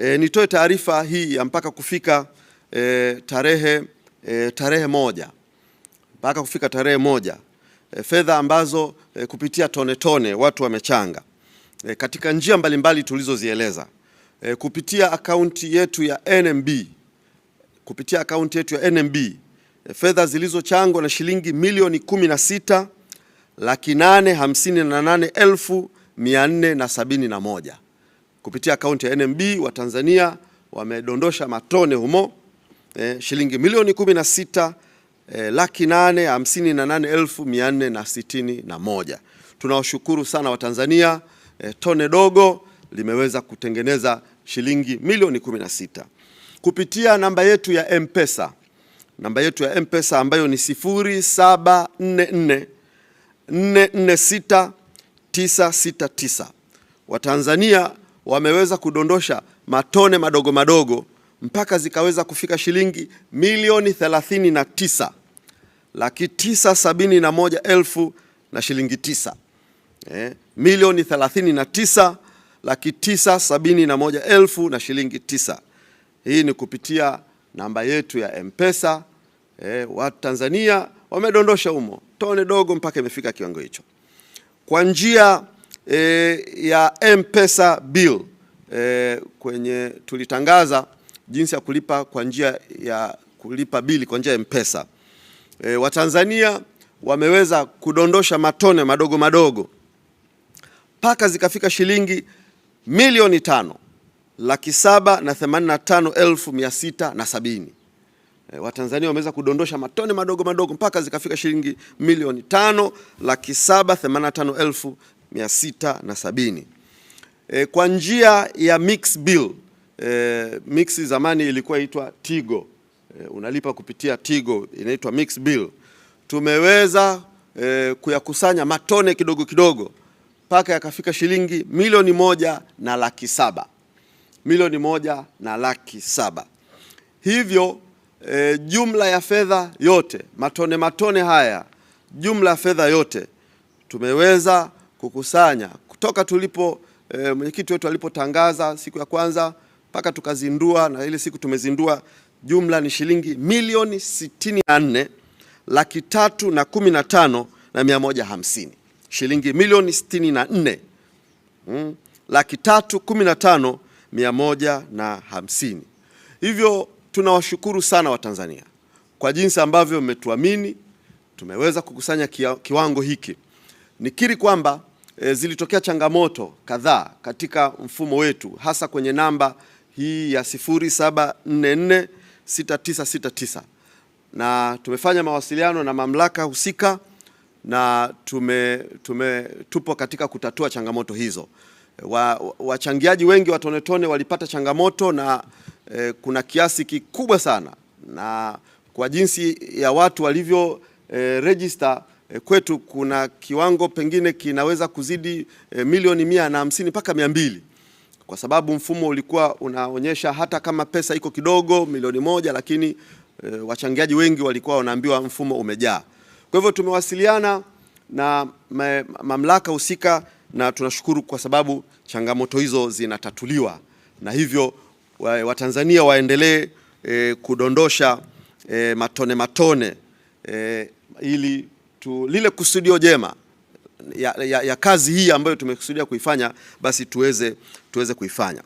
E, nitoe taarifa hii ya mpaka kufika e, tarehe, e, tarehe moja mpaka kufika tarehe moja e, fedha ambazo e, kupitia tone tone watu wamechanga e, katika njia mbalimbali tulizozieleza e, kupitia akaunti yetu ya NMB kupitia akaunti yetu ya NMB e, fedha zilizochangwa na shilingi milioni 16 laki nane hamsini na nane elfu mia nne na sabini na moja kupitia akaunti ya NMB wa Tanzania wamedondosha matone humo eh, shilingi milioni 16 na eh, laki nane na nane elfu na sitini na moja. Tunawashukuru sana Watanzania eh, tone dogo limeweza kutengeneza shilingi milioni 16 kupitia namba yetu ya Mpesa, namba yetu ya Mpesa ambayo ni 0744 446969. Watanzania wameweza kudondosha matone madogo madogo mpaka zikaweza kufika shilingi milioni 39 laki tisa na elfu na shilingi 9 eh, milioni 39 laki tisa na elfu na shilingi tisa. Hii ni kupitia namba yetu ya Mpesa. Eh, watu Tanzania wamedondosha humo tone dogo mpaka imefika kiwango hicho kwa njia e, ya M-Pesa bill e, kwenye tulitangaza jinsi ya kulipa kwa njia ya kulipa bili kwa njia ya M-Pesa. E, Watanzania wameweza kudondosha matone madogo madogo mpaka zikafika shilingi milioni tano laki saba na themanini na tano elfu mia sita na sabini. E, Watanzania wameweza kudondosha matone madogo madogo mpaka zikafika shilingi milioni tano laki saba themanini na tano elfu 670 e, kwa njia ya mix bill e, mix zamani ilikuwa itwa Tigo e, unalipa kupitia Tigo inaitwa mix bill. Tumeweza e, kuyakusanya matone kidogo kidogo mpaka yakafika shilingi milioni moja na laki saba milioni moja na laki saba hivyo e, jumla ya fedha yote matone matone haya jumla ya fedha yote tumeweza kukusanya kutoka tulipo e, mwenyekiti wetu alipotangaza siku ya kwanza mpaka tukazindua, na ile siku tumezindua, jumla ni shilingi milioni sitini na nne laki tatu na kumi na tano na mia moja hamsini shilingi milioni sitini na nne mm, laki tatu kumi na tano mia moja na hamsini. Hivyo tunawashukuru sana Watanzania kwa jinsi ambavyo mmetuamini, tumeweza kukusanya kiwango hiki. Nikiri kwamba e, zilitokea changamoto kadhaa katika mfumo wetu hasa kwenye namba hii ya 6969 na tumefanya mawasiliano na mamlaka husika na tume, tume, tupo katika kutatua changamoto hizo. E, wachangiaji wa, wa wengi wa Tone Tone walipata changamoto na eh, kuna kiasi kikubwa sana, na kwa jinsi ya watu walivyo eh, register Eh, kwetu kuna kiwango pengine kinaweza kuzidi e, milioni mia na hamsini mpaka mia mbili kwa sababu mfumo ulikuwa unaonyesha hata kama pesa iko kidogo milioni moja, lakini e, wachangiaji wengi walikuwa wanaambiwa mfumo umejaa. Kwa hivyo tumewasiliana na me, mamlaka husika na tunashukuru kwa sababu changamoto hizo zinatatuliwa na hivyo Watanzania wa waendelee e, kudondosha e, matone matone e, ili tu, lile kusudio jema ya, ya, ya kazi hii ambayo tumekusudia kuifanya basi tuweze, tuweze kuifanya.